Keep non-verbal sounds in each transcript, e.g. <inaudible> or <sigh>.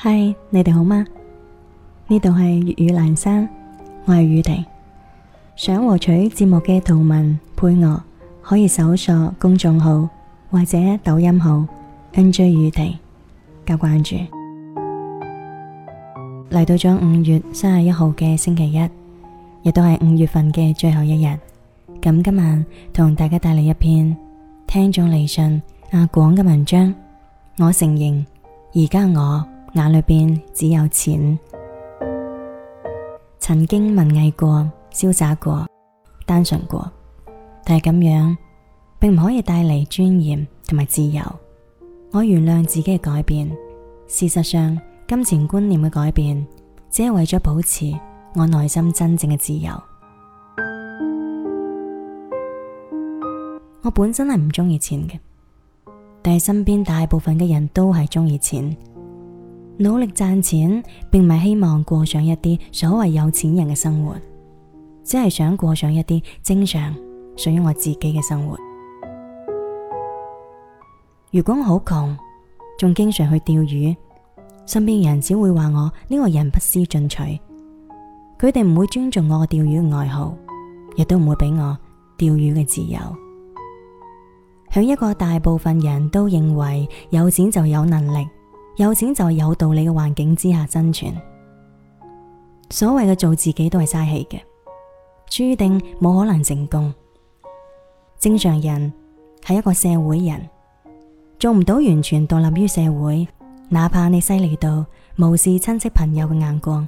嗨，Hi，你哋好嗎？呢度係粵語闌珊，我係宇婷。想獲取節目嘅圖文配樂，可以搜索公眾號或者抖音號 NJ 宇婷加關注。嚟到咗五月三十一號嘅星期一，亦都係五月份嘅最後一日。咁今晚同大家帶嚟一篇聽眾嚟信阿廣嘅文章。我承認，而家我。眼裏邊只有錢，曾經文藝過、瀟灑過、單純過，但係咁樣並唔可以帶嚟尊嚴同埋自由。我原諒自己嘅改變，事實上金錢觀念嘅改變，只係為咗保持我內心真正嘅自由。我本身係唔中意錢嘅，但係身邊大部分嘅人都係中意錢。努力賺錢，並唔係希望過上一啲所謂有錢人嘅生活，只係想過上一啲正常屬於我自己嘅生活。如果我好窮，仲經常去釣魚，身邊嘅人只會話我呢個人不思進取，佢哋唔會尊重我嘅釣魚愛好，亦都唔會俾我釣魚嘅自由。向一個大部分人都認為有錢就有能力，有錢就有道理嘅環境之下生存。所謂嘅做自己都係嘥氣嘅，注定冇可能成功。正常人係一個社會人，做唔到完全獨立於社會，哪怕你犀利到無視親戚朋友嘅眼光，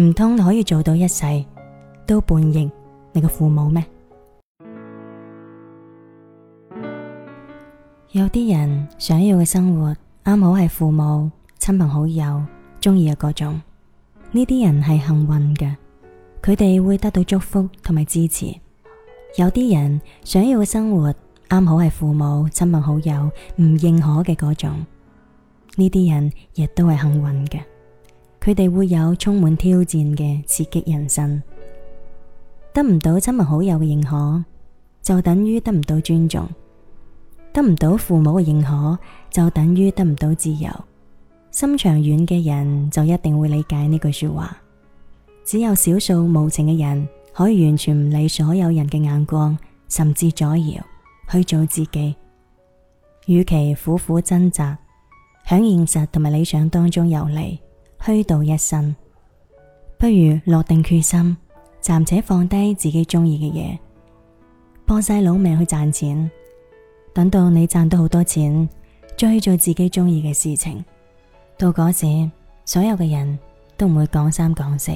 唔通可以做到一世都叛逆你嘅父母咩？有啲人想要嘅生活。啱好係父母、親朋好友中意嘅嗰種，呢啲人係幸運嘅，佢哋會得到祝福同埋支持。有啲人想要嘅生活，啱好係父母、親朋好友唔認可嘅嗰種，呢啲人亦都係幸運嘅，佢哋會有充滿挑戰嘅刺激人生。得唔到親朋好友嘅認可，就等於得唔到尊重。得唔到父母嘅認可，就等於得唔到自由。心腸軟嘅人就一定會理解呢句說話。只有少數無情嘅人可以完全唔理所有人嘅眼光，甚至阻撓，去做自己。與其苦苦掙扎，響現實同埋理想當中游離，虛度一生，不如落定決心，暫且放低自己中意嘅嘢，搏晒老命去賺錢。等到你賺到好多錢，再去做自己中意嘅事情，到嗰時，所有嘅人都唔會講三講四，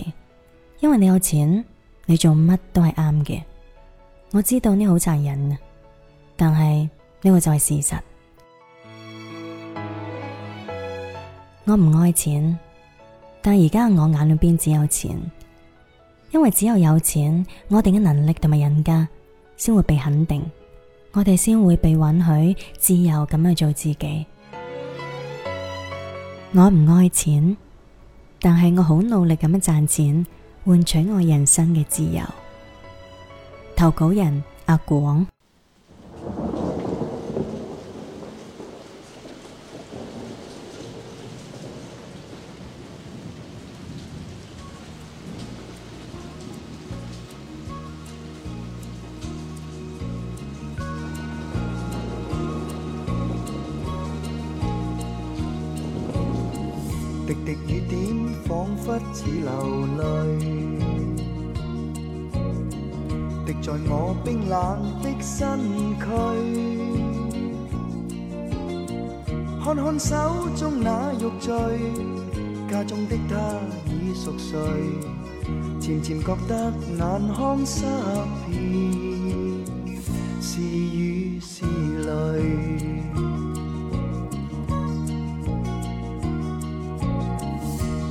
因為你有錢，你做乜都係啱嘅。我知道呢好殘忍，但係呢個就係事實。 <music> 我唔愛錢，但而家我眼裏邊只有錢，因為只有有錢，我哋嘅能力同埋人格先會被肯定。我哋先會被允許自由咁去做自己。我唔愛錢，但係我好努力咁樣賺錢，換取我人生嘅自由。投稿人，吖廣。彷彿似流淚，滴在我冰冷的身軀。看看手中那玉墜，家中的她已熟睡，漸漸覺得眼眶濕遍，是雨是淚。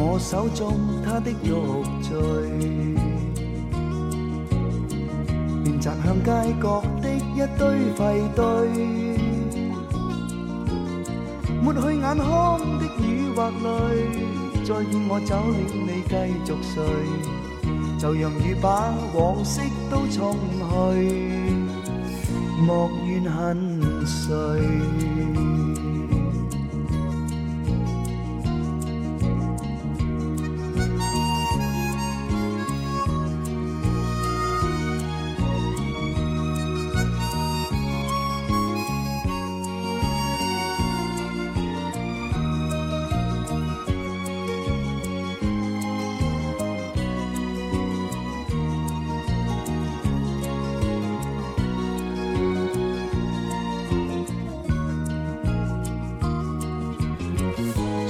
我手中她的玉墜，便擲向街角的一堆廢堆，抹去眼眶的雨或淚。再見，我走了，你繼續睡，就讓雨把往昔都沖去，莫怨恨誰。